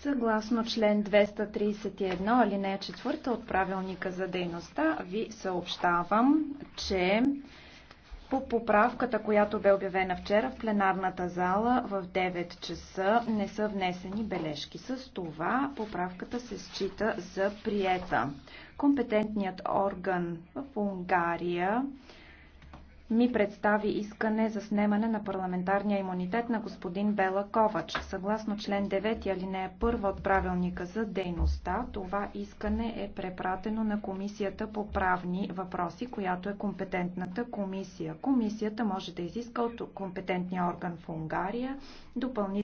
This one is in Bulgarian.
Съгласно член 231, алинея 4 от правилника за дейността, ви съобщавам, че по поправката, която бе обявена вчера в пленарната зала в 9 часа, не са внесени бележки. С това поправката се счита за приета. Компетентният орган в Унгария ми представи искане за снемане на парламентарния имунитет на господин Бела Ковач. Съгласно член 9 алинея 1 от правилника за дейността, това искане е препратено на Комисията по правни въпроси, която е компетентната комисия. Комисията може да изиска от компетентния орган в Унгария допълнително